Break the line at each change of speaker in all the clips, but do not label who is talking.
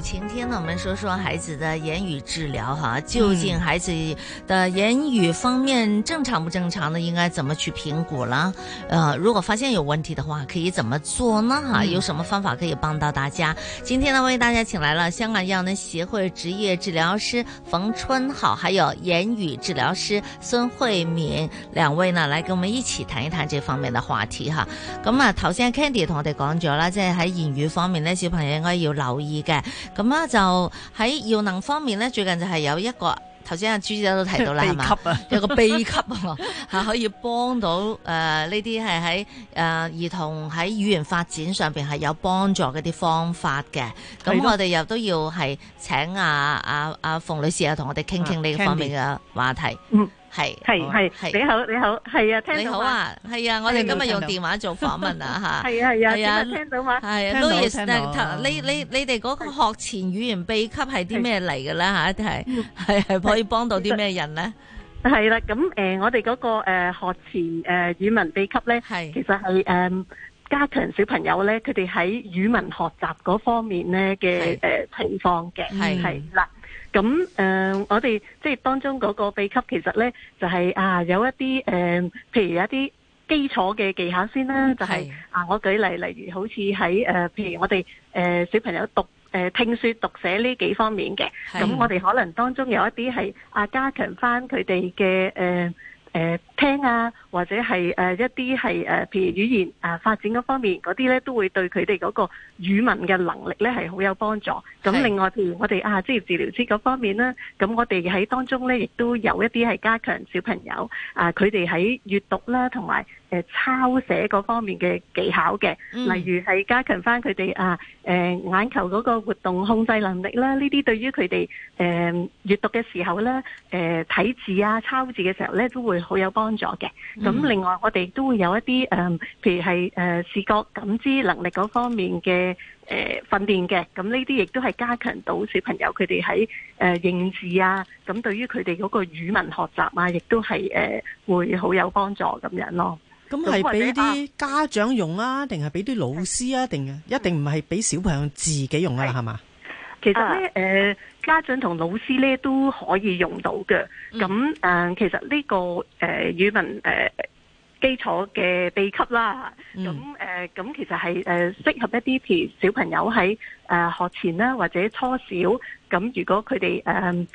今天呢，我們說說孩子的言語治療哈，究竟孩子的言語方面正常不正常呢？應該怎麼去評估呢？呃，如果發現有問題的話，可以怎麼做呢？哈，有什麼方法可以幫到大家？嗯、今天呢，為大家請來了香港耀能協會職業治療師馮春好，還有言語治療師孫慧敏兩位呢，來跟我們一起談一談這方面的話題哈。咁啊，頭先 Candy 同我哋講咗啦，即係喺言語方面呢，小朋友應該要留意嘅。咁啊，就喺耀能方面咧，最近就係有一個頭先阿朱姐都提到啦，係嘛？級、啊，有個秘笈啊，係 可以幫到誒呢啲係喺誒兒童喺語言發展上面係有幫助嘅啲方法嘅。咁我哋又都要係請阿啊啊馮女士啊，同我哋傾傾呢個方面嘅話題。啊嗯係係係，你好你好，係啊，聽你好啊，係啊，我哋今日用電話做訪問啊吓，係啊，係啊，聽得聽到嗎？係，Louis，你你你哋嗰個學前語言秘笈係啲咩嚟嘅咧吓？係係係可以幫到啲咩人咧？係啦，咁誒，我哋
嗰個誒學前誒語文秘笈咧，係其實係誒加強小朋友咧，佢哋喺語文學習嗰方面咧嘅誒情況嘅，係係啦。咁誒、呃，我哋即係當中嗰個秘笈其實呢就係、是、啊，有一啲誒、呃，譬如有一啲基礎嘅技巧先啦，就係、是、是啊，我舉例，例如好似喺誒，譬如我哋誒、呃、小朋友讀誒、呃、聽説讀寫呢幾方面嘅，咁是我哋可能當中有一啲係啊加強返佢哋嘅誒聽啊，或者係誒一啲係誒，譬如語言誒發展嗰方面嗰啲咧，都會對佢哋嗰個語文嘅能力咧係好有幫助。咁是另外譬如我哋啊職業治療師嗰方面咧，咁我哋喺當中咧亦都有一啲係加強小朋友啊，佢哋喺閱讀啦同埋誒抄寫嗰方面嘅技巧嘅，嗯、例如係加強翻佢哋啊誒、呃、眼球嗰個活動控制能力啦。呢啲對於佢哋誒閱讀嘅時候咧，誒、呃、睇字啊抄字嘅時候咧都會好有幫助。咗嘅，咁、嗯、另外我哋都會有一啲誒，譬如係誒視覺感知能力嗰方面嘅誒、呃、訓練嘅，咁呢啲亦都係加強到小朋友佢哋喺誒認字啊，咁對於佢哋嗰個語文學習啊，亦都係誒、呃、會好有幫助咁樣咯。咁係俾啲
家長用啊，定係俾啲老師啊，定啊、嗯，是一定唔係俾小朋友自己用噶、啊、啦，係嘛是？是吧其實咧，誒、呃、
家長同老師咧都可以用到嘅。咁誒、呃，其實呢、這個誒、呃、語文誒、呃、基礎嘅秘笈啦。咁誒，咁、呃、其實係誒適合一啲譬如小朋友喺誒、呃、學前啦，或者初小。咁如果佢哋誒，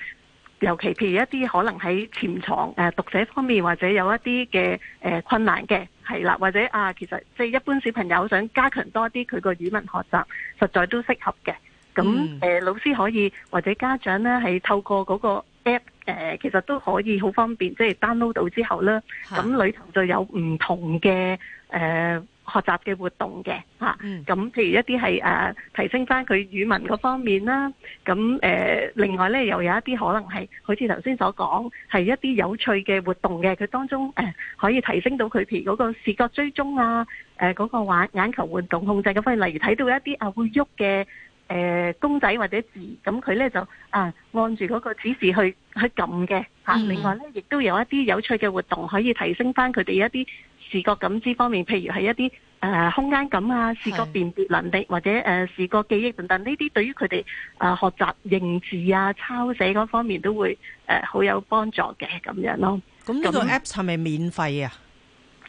尤其譬如一啲可能喺潛藏讀寫方面或者有一啲嘅誒困難嘅，係啦，或者啊，其實即係一般小朋友想加強多啲佢個語文學習，實在都適合嘅。咁誒、呃、老師可以或者家長咧係透過嗰個 app 誒、呃，其實都可以好方便，即、就、係、是、download 到之後咧，咁裏頭就有唔同嘅誒、呃、學習嘅活動嘅吓，咁、啊嗯、譬如一啲係誒提升翻佢語文嗰方面啦，咁誒、呃、另外咧又有一啲可能係好似頭先所講，係一啲有趣嘅活動嘅，佢當中、呃、可以提升到佢譬如嗰個視覺追蹤啊，嗰、呃那個玩眼球活動控制嘅方面，例如睇到一啲啊會喐嘅。誒、呃，公仔或者字，咁佢咧就啊按住嗰個指示去去撳嘅吓。另外咧，亦都有一啲有趣嘅活動，可以提升翻佢哋一啲視覺感知方面，譬如係一啲誒、呃、空間感啊、視覺辨別能力或者誒、呃、視覺記憶等等。呢啲對於佢哋誒學習認字啊、抄寫嗰方面都會誒好、呃、有幫助嘅咁樣咯。咁呢、嗯、個 apps 係咪免費啊？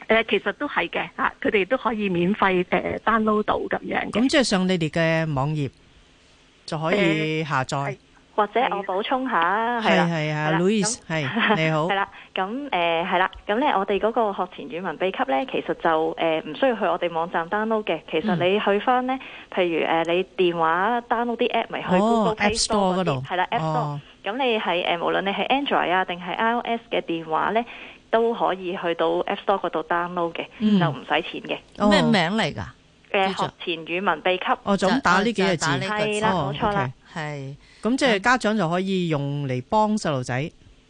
誒、呃，其實都係嘅吓，佢、啊、哋都可以免費誒 download
到咁樣。咁即係上你哋嘅網頁。就可以下載，
或者我補充下，係啦，
係啊，Louis，係你好，係啦，
咁誒係啦，咁咧我哋嗰個學前語文秘笈咧，其實就誒唔需要去我哋網站 download 嘅，其實你去翻咧，譬如誒你電話 download 啲 app 咪去 Google Play Store 嗰度，係啦，App Store，咁你喺誒無論你係 Android 啊定係 iOS 嘅電話咧，都可以去到 App Store 嗰度 download 嘅，就唔使錢嘅，咩名嚟㗎？嘅學前語文秘笈，哦，就咁打呢幾個字啦，哦，
係，咁即係家長就可以用嚟幫細路仔，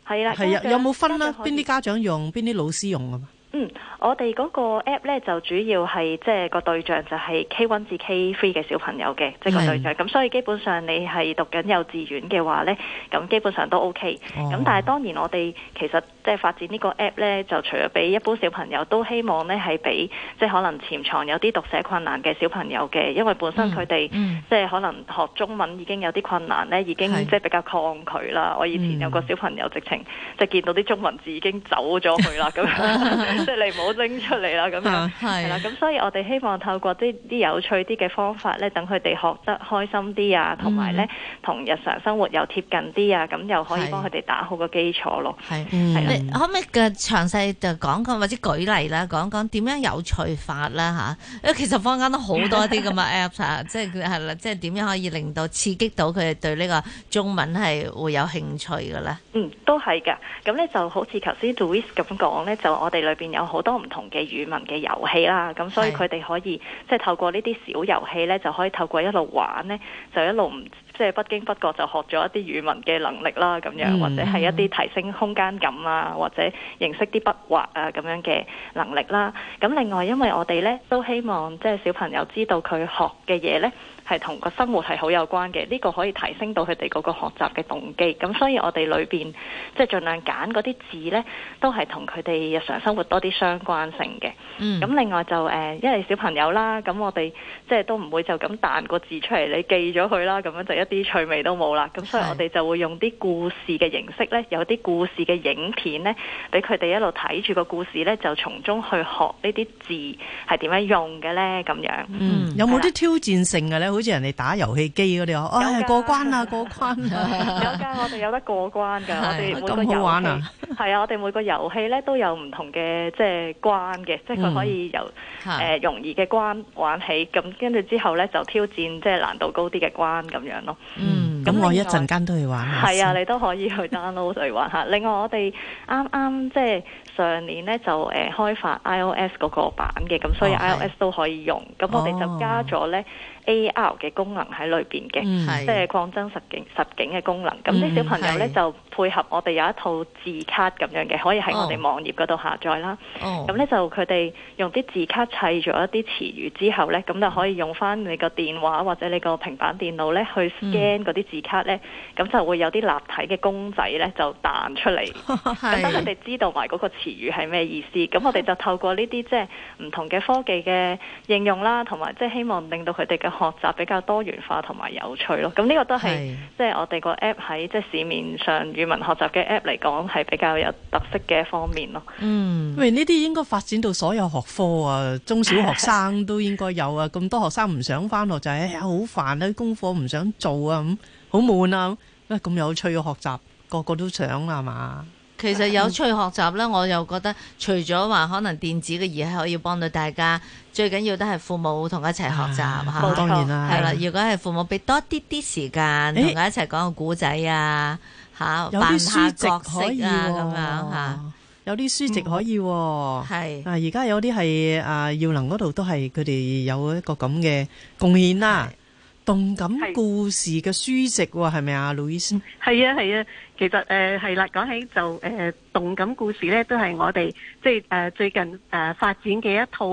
係啦，係啊，有冇分呢？邊啲
家長用，邊啲老師用啊？嗯，
我哋嗰個 app 咧就主要係即係個對象就係 K one 至 K three 嘅小朋友嘅，即係個對象，咁的所以基本上你係讀緊幼稚園嘅話咧，咁基本上都 OK，咁、哦、但係當然我哋其實。即係發展呢個 app 咧，就除咗俾一般小朋友，都希望咧係俾即係可能潛藏有啲讀寫困難嘅小朋友嘅，因為本身佢哋、嗯嗯、即係可能學中文已經有啲困難咧，已經是即係比較抗拒啦。我以前有個小朋友直情、嗯、即係見到啲中文字已經走咗去啦，咁樣即係你唔好拎出嚟啦，咁樣係啦。咁、嗯、所以我哋希望透過啲啲有趣啲嘅方法咧，等佢哋學得開心啲啊，同埋咧同日常生活又
貼近啲啊，咁又可以幫佢哋打好個基礎咯。係。嗯可唔可以嘅詳細就講講，或者舉例啦，講講點樣有趣法啦吓？其實坊間都好多啲咁嘅 Apps 啊，即係啦，即係點樣可以令到刺激到佢哋對呢個中文係會有興趣嘅咧？嗯，
都係㗎。咁咧就好似頭先 Twist 咁講咧，就我哋裏面有好多唔同嘅語文嘅遊戲啦。咁所以佢哋可以是即係透過呢啲小遊戲咧，就可以透過一路玩咧，就一路唔。即係不經不覺就學咗一啲語文嘅能力啦，咁樣，或者係一啲提升空間感啊，或者認識啲筆畫啊，咁樣嘅能力啦。咁另外，因為我哋呢都希望，即係小朋友知道佢學嘅嘢呢。係同個生活係好有關嘅，呢個可以提升到佢哋嗰個學習嘅動機。咁所以我哋裏邊即係盡量揀嗰啲字呢，都係同佢哋日常生活多啲相關性嘅。咁、嗯、另外就誒、呃，因為小朋友啦，咁我哋即係都唔會就咁彈個字出嚟，你記咗佢啦，咁樣就一啲趣味都冇啦。咁所以我哋就會用啲故事嘅形式呢，有啲故事嘅影片呢，俾佢哋一路睇住個故事呢，就從中去學呢啲字係點樣用嘅呢。咁樣。
嗯。的有冇啲挑戰性嘅呢？好似人哋打遊戲機嗰啲哦，哎有家 過關啊，過關
啊！ 有間我哋有得過關㗎，的我哋每個遊戲玩啊！係啊，我哋每個遊戲咧、啊、 都有唔同嘅即係關嘅，即係佢可以由。誒容易嘅關玩起，咁跟住之後呢就挑戰即係難度高啲嘅關咁樣咯。嗯，咁外、嗯、我一陣
間都要玩。係啊，你
都可以去 download 去玩下。 另外我哋啱啱即係上年呢就誒、呃、開發 iOS 嗰個版嘅，咁所以 iOS 都可以用。咁、哦、我哋就加咗呢、哦、AR 嘅功能喺裏面嘅，嗯、即係擴增實景實景嘅功能。咁啲、嗯、小朋友呢是就配合我哋有一套字卡咁樣嘅，可以喺我哋網頁嗰度下載啦。咁呢、哦、就佢哋用啲字卡。砌咗一啲詞語之後呢，咁就可以用翻你個電話或者你個平板電腦呢去 scan 嗰啲字卡呢，咁、嗯、就會有啲立體嘅公仔呢就彈出嚟，咁等佢哋知道埋嗰個詞語係咩意思。咁我哋就透過呢啲即係唔同嘅科技嘅應用啦，同埋即係希望令到佢哋嘅學習比較多元化同埋有趣咯。咁呢個都係即係我哋個 app 喺即係市面上語文學習嘅 app 嚟講係比較有特色嘅一方面咯。
嗯，喂，呢啲應該發展到所有學科啊！中小學生都應該有啊！咁多學生唔想翻學就係、是、好、哎、煩啊！功課唔想做啊，咁好悶啊！咁、哎、有趣嘅學習，個個都想啦，係嘛？其實有趣
的學習呢，我又覺得除咗話可能電子嘅儀器可以幫到大家，最緊要都係父母同佢一齊學習嚇。當然啦，係啦。如果係父母俾多啲啲時間同佢唉一齊講個故仔
啊，嚇扮、啊、下角色啊，咁樣嚇。有啲書籍可以係啊，而家有啲係啊，耀能嗰度都係佢哋有一個咁嘅貢獻啦。動感故事嘅書籍係咪啊，盧醫生？
係啊，係啊，其實誒係啦，講起就誒動感故事咧，都係我哋即係誒最近誒發展嘅一套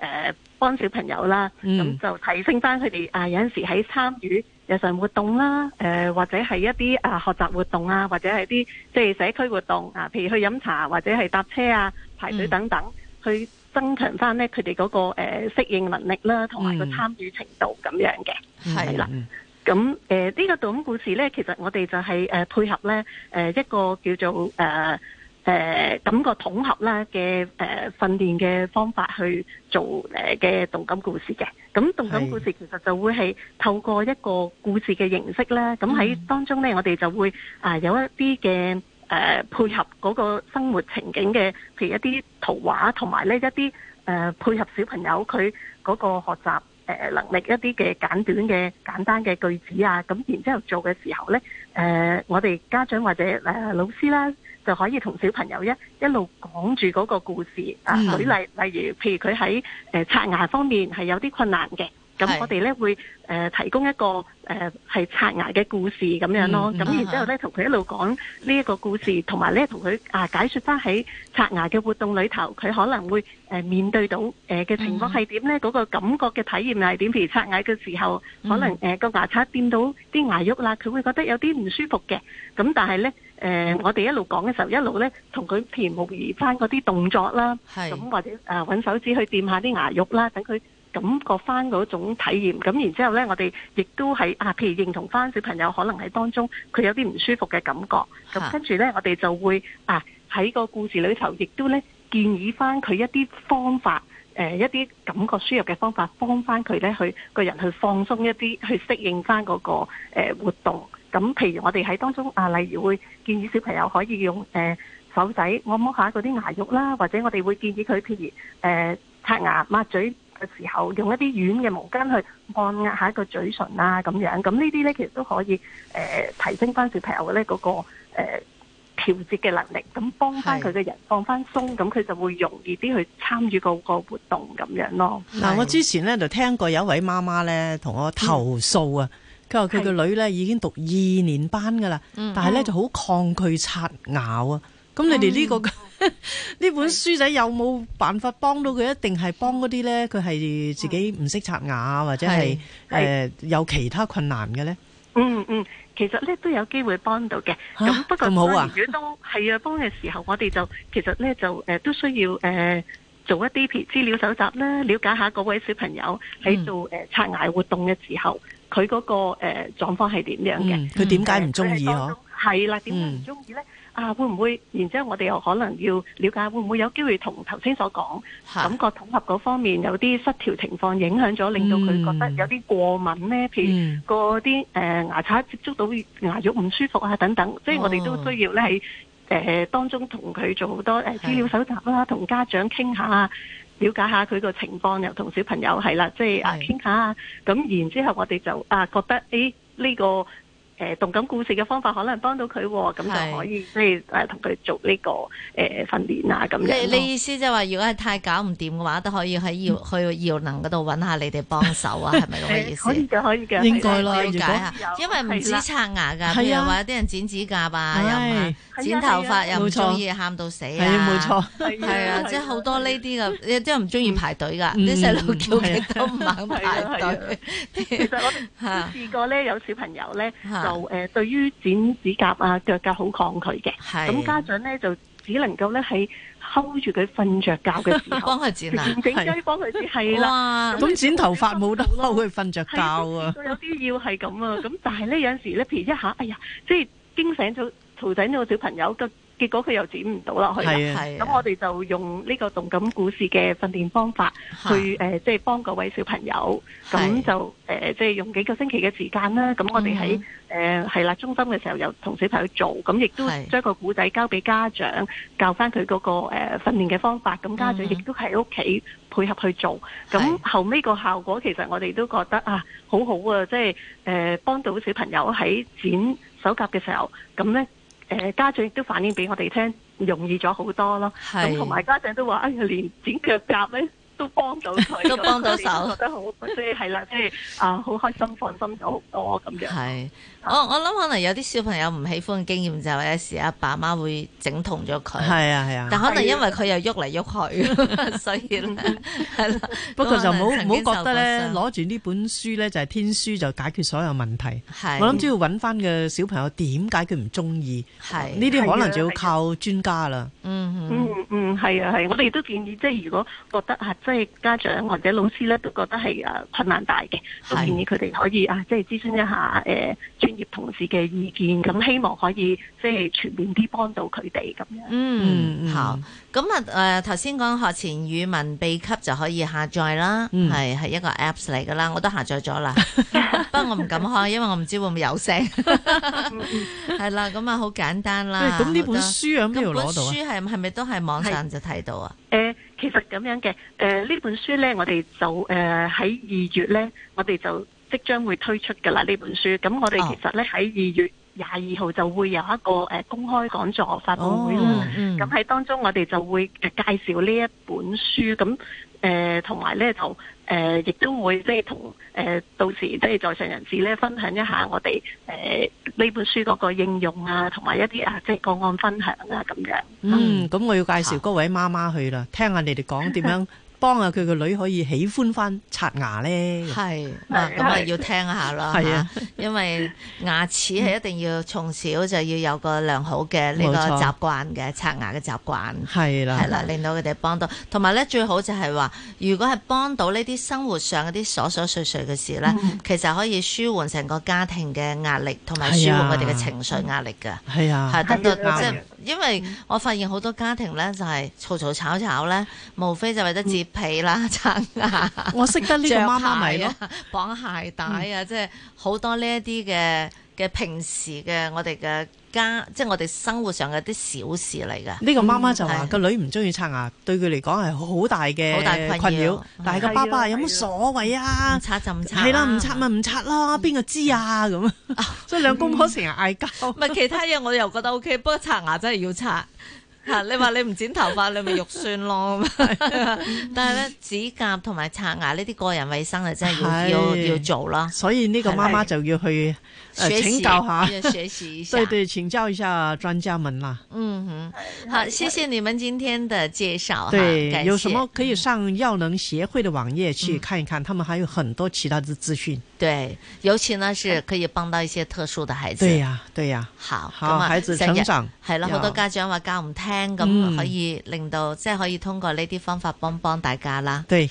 誒幫小朋友啦，咁就提升翻佢哋啊有陣時喺參與。日常活動啦，誒或者係一啲啊學習活動啊，或者係啲即係社區活動啊，譬如去飲茶或者係搭車啊、排隊等等，嗯、去增強翻咧佢哋嗰個誒適應能力啦，同埋個參與程度咁樣嘅，係啦、嗯。咁誒呢個短故事咧，其實我哋就係配合咧誒一個叫做誒。呃誒咁個統合咧嘅誒訓練嘅方法去做誒嘅動感故事嘅，咁動感故事其實就會係透過一個故事嘅形式咧，咁喺的當中咧，我哋就會啊有一啲嘅誒配合嗰個生活情景嘅，譬如一啲圖畫，同埋咧一啲誒配合小朋友佢嗰個學習誒能力一啲嘅簡短嘅簡單嘅句子啊，咁然之後做嘅時候咧，誒我哋家長或者誒老師啦。就可以同小朋友一一路講住嗰個故事啊，舉例，嗯、例如，譬如佢喺誒刷牙方面係有啲困難嘅。咁我哋咧是會誒、呃、提供一個誒係刷牙嘅故事咁樣咯，咁、嗯嗯、然之後咧同佢一路講呢一個故事，同埋咧同佢啊解説翻喺刷牙嘅活動裏頭，佢可能會誒、呃、面對到誒嘅、呃、情況係點咧？嗰、嗯、個感覺嘅體驗係點？譬如刷牙嘅時候，嗯、可能誒個、呃嗯啊、牙刷掂到啲牙肉啦，佢會覺得有啲唔舒服嘅。咁但係咧誒，呃嗯、我哋一路講嘅時候，一路咧同佢模擬翻嗰啲動作啦，咁是或者誒揾、呃、手指去掂下啲牙肉啦，等佢，感覺翻嗰種體驗，咁然之後呢，我哋亦都係啊，譬如認同翻小朋友可能喺當中佢有啲唔舒服嘅感覺，咁的跟住呢，我哋就會啊喺個故事裏頭，亦都呢建議翻佢一啲方法，呃、一啲感覺輸入嘅方法，幫翻佢呢去個人去放鬆一啲，去適應翻嗰、個、呃、活動。咁譬如我哋喺當中啊，例如會建議小朋友可以用誒、呃、手仔按摩下嗰啲牙肉啦，或者我哋會建議佢譬如呃、刷牙抹嘴嘅時候用一啲軟嘅毛巾去按壓一下個嘴唇啊，咁樣咁呢啲呢，這這其實都可以誒、呃、提升翻小朋友呢嗰、那個誒、呃、調節嘅能力，咁幫翻佢嘅人放翻是鬆，咁佢就會容易啲去參與個個活動咁
樣咯。嗱是，是我之前呢就聽過有一位媽媽呢同我投訴啊，佢話佢個女呢已經讀二年班噶啦，是但係呢、嗯、就好抗拒刷牙啊。咁你哋呢個呢本書仔有冇辦法幫到佢？一定係幫嗰啲咧，佢係自己唔識刷牙或者係誒有其他困難嘅咧。嗯
嗯，其實咧都有機會幫到嘅。咁不過如果都係啊，幫嘅時候我哋就其實咧就誒都需要誒做一啲片資料搜集啦，了解下嗰位小朋友喺做誒刷牙活動嘅時候，佢嗰個誒狀況係點樣嘅？佢點
解唔中意？嗬，
係啦，點解唔中意咧？啊！會唔會然之後我哋又可能要了解會唔會有機會同頭先所講感覺統合嗰方面有啲失調情況影響咗，的令到佢覺得有啲過敏呢？譬的如嗰啲誒、呃、牙刷接觸到牙肉唔舒服啊等等，哦、即係我哋都需要咧喺、呃、當中同佢做好多資、呃、資料搜集啦，同的家長傾下啊，了解下佢個情況，又同小朋友係啦，即係啊傾下啊，咁然之後我哋就啊覺得誒呢、哎這個。誒動感故事嘅方法可能幫到佢喎，咁就可以即係誒同佢做呢個誒訓練啊咁樣。你意
思即係話，如果係太搞唔掂嘅話，都可以喺耀去耀能嗰度揾下你哋幫手啊？係咪咁嘅意思？可以嘅，可以嘅，應該啦。如果因為唔止刷牙㗎，有啲人剪指甲呀，又剪頭髮又唔中意喊到死啊！係啊，冇錯。係啊，即係好多呢啲嘅，即係唔中意排隊㗎，啲細路叫極都唔肯排隊。其實我
試過咧，有小朋友咧。就誒、呃、對於剪指甲啊，腳甲好抗拒嘅，咁是、嗯、家長咧就只能夠咧喺 hold 住佢
瞓着覺嘅時候
幫佢 剪啊，係，係啦，咁剪
頭髮冇得睺佢瞓着覺啊，是
的有必要係咁啊，咁、嗯、但係咧有時咧譬如一下，哎呀，即係驚醒咗，嘈醒呢個小朋友嘅。結果佢又剪唔到落去啦，咁的我哋就用呢個動感故事嘅訓練方法去誒，即係幫嗰位小朋友，咁的就即係、呃即係、用幾個星期嘅時間啦。咁我哋喺係啦中心嘅時候，又同小朋友做，咁亦都將個古仔交俾家長教翻佢嗰個訓練嘅方法。咁家長亦都喺屋企配合去做。咁、嗯、哼後尾個效果其實我哋都覺得啊，好好啊，即係誒幫到小朋友喺剪手甲嘅時候，咁咧。誒，家長亦都反映俾我哋聽，容易咗好多咯。咁同埋家長
都話：哎呀，連剪腳甲咧。都幫到佢，都幫到手，覺得好即係啦，即係啊，好開心、放心咗好多咁樣。係，哦，我諗可能有啲小朋友唔喜歡嘅經驗就係有時阿爸媽會整痛咗佢。係啊，係啊。但可能因為佢又喐嚟喐去，所以咧係啦。不過就唔好唔好覺得咧，攞
住呢本書咧就係天書，就解決所有問題。係。我諗只要揾翻個小朋友點解佢唔中意。係。呢啲可能就要靠專家啦。嗯嗯嗯，係
啊係，我哋都建議即係如果覺得啊。即係家長或者老師咧，都覺得係誒困難大嘅，都建議佢哋可以啊，即係諮詢一下誒專業同事嘅意見，咁希望
可以即係全面啲幫到佢哋咁樣。嗯，好。咁啊誒，頭先講學前語文秘笈就可以下載啦，係係、嗯、一個 apps 嚟噶啦，我都下載咗啦。 不過我唔敢開，因為我唔知會唔會有聲。係 啦，咁啊好簡單啦。咁呢、欸、本書喺邊度攞到啊？書係係咪都係網上就睇到啊？
其實咁樣嘅，誒、呃、呢本書呢，我哋就誒喺二月呢，我哋就即將會推出嘅啦呢本書。咁我哋其實呢，喺二、哦、月廿二號就會有一個誒、呃、公開講座發佈會啦。咁喺、哦嗯、當中我哋就會介紹呢一本書，咁誒同埋呢就。誒，亦、呃、都會即係同誒，到時即係在場人士咧，分享一下我哋誒呢本書嗰個應用啊，同埋一啲啊即係個案分享啊，咁樣。
嗯，咁我要介紹嗰位媽媽去啦，啊、聽下你哋講點樣。 幫下佢個女可以喜歡翻刷牙咧，
係咁啊，咪要聽下啦，吓、啊啊，因為牙齒係一定要從小就要有個良好嘅呢個習慣嘅刷牙嘅習慣，係啦、啊，係啦、啊，令到佢哋幫到，同埋咧最好就係話，如果係幫到呢啲生活上嗰啲瑣瑣碎碎嘅事咧，嗯、其實可以舒緩成個家庭嘅壓力，同埋舒緩佢哋嘅情緒壓力嘅，係啊，好多方面。因為我發現好多家庭咧，就係嘈嘈吵吵咧，無非就為咗折被啦、我得爭架、著鞋咯、啊、綁鞋帶啊，嗯、即係好多呢一啲嘅嘅平時嘅我哋嘅。家即係我哋生活上嘅啲小事嚟噶。呢、嗯、個媽媽就話個
的女唔中意刷牙，對佢嚟講係好大嘅困擾。但係個爸爸有乜所謂啊？刷就唔刷，係啦，唔刷咪唔刷咯，邊個知啊咁啊？所以兩公婆成日嗌交。唔係、嗯、 其
他嘢，我又覺得 OK，不過刷牙真係要刷。你話你唔剪頭髮你咪肉酸咯，但係咧指甲同埋刷牙呢啲個人衛生啊真係要要要
做咯。所以呢個媽媽就要去、呃、請教下，學習一下。一下對，
對對，
請教一下專家們啦。嗯
哼，好，謝謝你們今天的介紹。對，謝謝，有什麼
可以上藥能協會的網頁去看一看，嗯、他們還有很多其他的資訊。對，尤其呢，是可以幫到一些特殊的孩子。對呀、啊，對呀、啊。好，咁啊好，么孩子成長係啦，好要多家
長話教唔聽，咁、嗯、可以令到即係可以通過呢啲方法幫幫大家啦。對。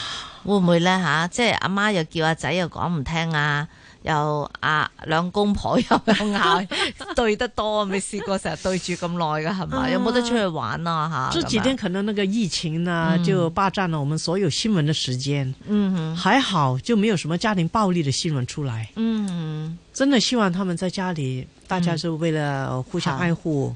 會唔會呢？吓、嗯？即係阿、啊、媽又叫阿、啊、仔又講唔聽啊，又阿、啊、兩公婆又拗、 嗯、對得多，未試過成日對住咁耐噶係嘛？嗯啊、有冇得出去玩啊吓？這幾天
可能那個疫情呢，就霸占了我們所有新聞的時間。嗯哼，還好就沒有什麼家庭暴力的新聞出來。嗯哼，真的希望他們在家裏，大家就為了互相愛護。嗯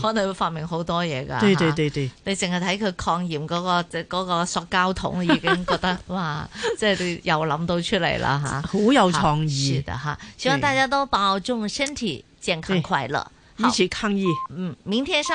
可能會發明好多嘢噶，對對對對，啊、你淨係睇佢抗炎、嗰個、嗰個塑膠桶，已經覺得 哇，即係你又諗到出嚟啦，吓、 啊，好有創意。是的，哈、啊，對希望大家都保重身體健康快、快樂，一起抗疫。嗯，明天上。